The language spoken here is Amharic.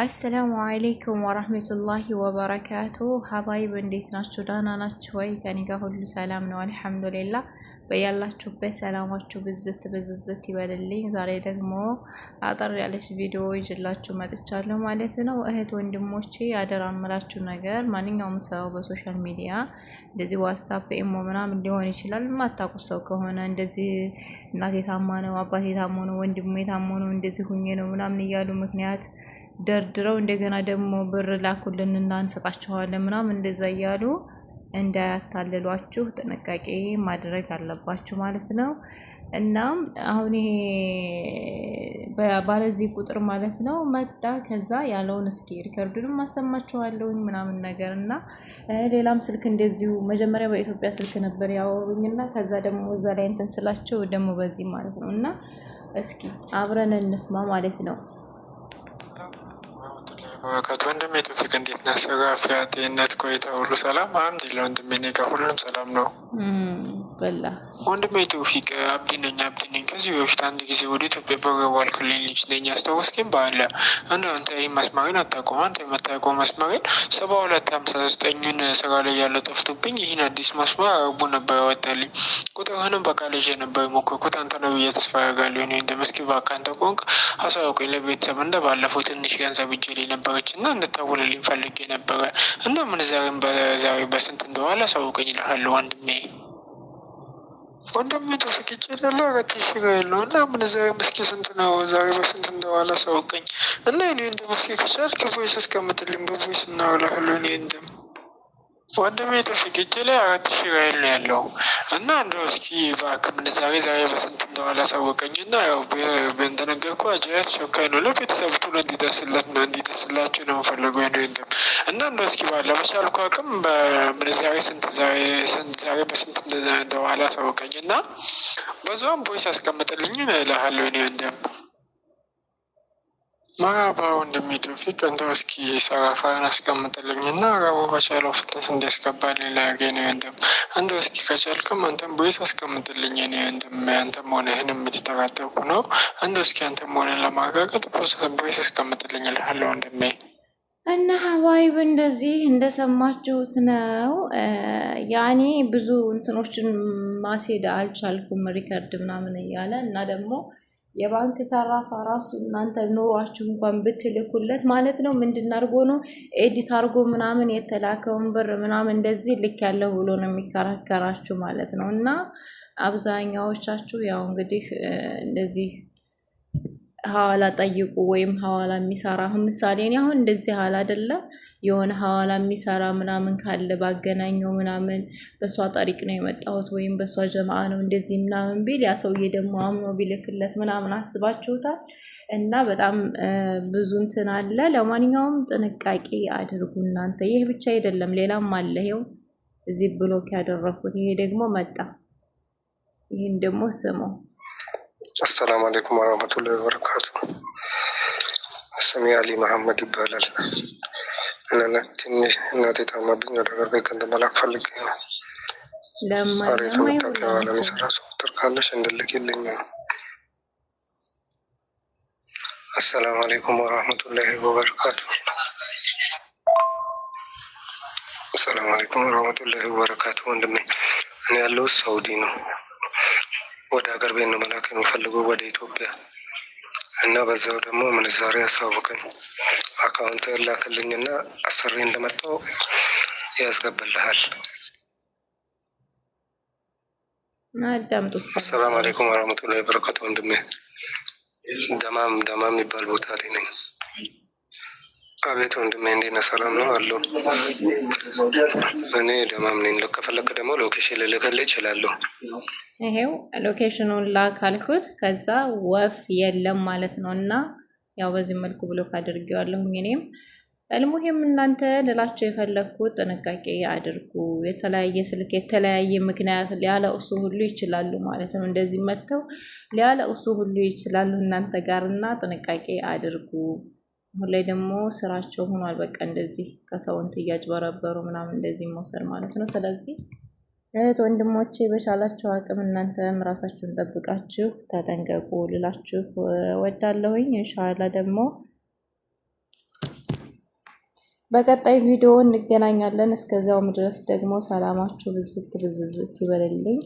አሰላሙ አሌይኩም ወረህመቱላሂ ወበረካቱ ሀባይብ እንዴት ናችሁ? ደህና ናችሁ ወይ? ከኔ ጋር ሁሉ ሰላም ነው አልሐምዱሊላ። በያላችሁበት ሰላማችሁ ብዝት ብዝዝት ይበልልኝ። ዛሬ ደግሞ አጠር ያለች ቪዲዮ ይዤላችሁ መጥቻለሁ ማለት ነው። እህት ወንድሞቼ አደራ የምላችሁ ነገር ማንኛውም ሰው በሶሻል ሚዲያ እንደዚህ ዋትሳፕ፣ ኢሞ ምናምን ሊሆን ይችላል የማታውቁት ሰው ከሆነ እንደዚህ እናቴ ታማ ነው፣ አባቴ ታሞ ነው፣ ወንድሜ ታሞ ነው፣ እንደዚህ ሁኜ ነው ምናምን እያሉ ምክንያት ደርድረው እንደገና ደግሞ ብር ላኩልን እና እንሰጣችኋለን ምናምን እንደዛ እያሉ እንዳያታልሏችሁ ጥንቃቄ ማድረግ አለባችሁ ማለት ነው። እናም አሁን ይሄ ባለዚህ ቁጥር ማለት ነው መጣ። ከዛ ያለውን እስኪ ሪከርዱንም አሰማችኋለሁኝ ምናምን ነገር እና ሌላም ስልክ እንደዚሁ መጀመሪያ በኢትዮጵያ ስልክ ነበር ያወሩኝ እና ከዛ ደግሞ እዛ ላይ እንትን ስላቸው ደግሞ በዚህ ማለት ነው እና እስኪ አብረን እንስማ ማለት ነው። በረካቱ ወንድሜ ቶፊቅ እንዴት ነህ? ስራ፣ አፍያ፣ ጤንነት፣ ቆይታ ሁሉ ሰላም? አምድ ለወንድሜ ኔጋ ሁሉም ሰላም ነው። ወንድሜ ተውፊቅ አብዲነኝ አብድነኝ ከዚህ በፊት አንድ ጊዜ ወደ ኢትዮጵያ በገባል ክልል ልጅ ነኝ አስታወስኪም በአለ አንተ ይህ መስመሬን አታውቀውም። አንተ የምታውቀው መስመሬን ሰባ ሁለት ሀምሳ ዘጠኝን ስራ ላይ ያለ ጠፍቶብኝ ይህን አዲስ መስመር አረቡ ነበር ያወጣልኝ። ቁጥርህንም በቃ ልጅ ነበር የሞከርኩት አንተ ነው ብዬ ተስፋ ያደርጋለሁ። እኔ እንደ መስኪ በቃ ቆንቅ አሳውቀኝ ለቤተሰብ እንደ ባለፈው ትንሽ ገንዘብ እጄ ላይ ነበረች እና እንድታውልልኝ ፈልጌ ነበረ እና ምን ዛሬም በዛሬ በስንት እንደዋለ አሳውቀኝ እልሃለሁ ወንድሜ። ወንድም ተሰቅጭ ደለ አጋቴሽ ጋር የለው እና ምን ዛሬ መስኬ ስንት ነው? ዛሬ በስንት እንደዋለ ሰውቀኝ እና እኔ እንደ መስኬ ከቻልክ ቮይስ እስከምትልኝ በቮይስ እናውላለን። እኔ ወንድም ወንድሜ ትውፊቅ እጄ ላይ አራት ሺህ ራይል ነው ያለው እና እንደው እስኪ እባክህ ምንዛሬ ዛሬ በስንት እንደዋለ አሳወቀኝ እና ያው እንደነገርኩህ አጃያት ሾካይ ነው ለቤተሰብ ቶሎ እንዲደርስለት ነው እንዲደርስላችሁ ነው የምፈልገው ነው ወንድም እና እንደው እስኪ ባለ በቻልኩ አቅም በምንዛሬ ስንት ዛሬ በስንት እንደዋለ አሳወቀኝ እና በዛም ቦይስ አስቀምጥልኝ እልሃለሁ ነው ወንድም መራባ እንደሚሄድ ፊት እንደ እስኪ ሰራፋን አስቀምጥልኝ እና ረቡ በቻለው ፍጥነት እንዲያስገባ ሌላ ያገኝ ወንድም፣ እንደ እስኪ ከቻልክም አንተም ቦይስ አስቀምጥልኝ ኔ ወንድም፣ አንተም ሆነ ህን የምትጠራጠቁ ነው እንደ እስኪ አንተም ሆነ ለማረጋገጥ ቦይስ አስቀምጥልኝ ልሃለ ወንድሜ። እና ሀባይብ እንደዚህ እንደሰማችሁት ነው። ያኔ ብዙ እንትኖችን ማስሄድ አልቻልኩም ሪከርድ ምናምን እያለ እና ደግሞ የባንክ ሰራፋ ራሱ እናንተ ኑሯችሁ እንኳን ብትልኩለት ማለት ነው ምንድን አድርጎ ነው ኤዲት አድርጎ ምናምን የተላከውን ብር ምናምን እንደዚህ ልክ ያለው ብሎ ነው የሚከራከራችሁ ማለት ነው። እና አብዛኛዎቻችሁ ያው እንግዲህ እንደዚህ ሀዋላ ጠይቁ ወይም ሀዋላ የሚሰራ ምሳሌ እኔ አሁን እንደዚህ ሀል አደለ የሆነ ሀዋላ የሚሰራ ምናምን ካለ ባገናኘው ምናምን በእሷ ጠሪቅ ነው የመጣሁት ወይም በእሷ ጀማአ ነው እንደዚህ ምናምን ቢል ያ ሰውዬ ደግሞ አምኖ ቢልክለት ምናምን አስባችሁታል። እና በጣም ብዙ እንትን አለ። ለማንኛውም ጥንቃቄ አድርጉ እናንተ። ይህ ብቻ አይደለም፣ ሌላም አለ። ይኸው እዚህ ብሎክ ያደረኩት ይሄ ደግሞ መጣ። ይህን ደግሞ ስመው አሰላሙ አሌይኩም ወረህመቱላሂ ወበረካቱ። ስሜ አሊ መሐመድ ይባላል። ትንሽ እናቴ ታማብኝ ወደ ገር ቤት ገንዘብ መላክ ፈልጌ ነው። አሪፍ መታወቂያ ለሚሰራ ሶፍትዌር ካለሽ እንድልክልኝ ነው። አሰላሙ አሌይኩም ወረህመቱላሂ ወበረካቱ። አሰላሙ አሌይኩም ወረህመቱላሂ ወበረካቱ። ወንድሜ እኔ ያለው ሳውዲ ነው። ወደ ሀገር ቤት ነው መላክ የምፈልገው ወደ ኢትዮጵያ እና በዛው ደግሞ ምንዛሬ ያሳውቀኝ አካውንት ላክልኝ ላክልኝና አሰሪ እንደመጣው ያስገባልሃል። አሰላም አለይኩም ወረመቱላ በረካቱ። ወንድሜ ደማም ደማም የሚባል ቦታ ላይ ነኝ። አቤት ወንድሜ እንዴት ነህ? ሰላም ነው አለው። እኔ ደማም ነኝ። ከፈለክ ደግሞ ሎኬሽን ልልክልህ እችላለሁ። ይሄው ሎኬሽኑን ላክ አልኩት። ከዛ ወፍ የለም ማለት ነው። እና ያው በዚህ መልኩ ብሎክ አድርጌዋለሁ እኔም አልሙሂም እናንተ ልላቸው የፈለግኩት ጥንቃቄ አድርጉ። የተለያየ ስልክ የተለያየ ምክንያት ሊያለ እሱ ሁሉ ይችላሉ ማለት ነው። እንደዚህ መጥተው ሊያለ እሱ ሁሉ ይችላሉ እናንተ ጋር እና ጥንቃቄ አድርጉ። አሁን ላይ ደግሞ ስራቸው ሆኗል። በቃ እንደዚህ ከሰውን እያጭበረበሩ ምናምን እንደዚህ መውሰድ ማለት ነው። ስለዚህ እህት ወንድሞቼ በቻላችሁ አቅም እናንተም ራሳችሁን ጠብቃችሁ ተጠንቀቁ ልላችሁ ወዳለሁኝ። እንሻላ ደግሞ በቀጣይ ቪዲዮ እንገናኛለን። እስከዚያውም ድረስ ደግሞ ሰላማችሁ ብዝት ብዝዝት ይበልልኝ።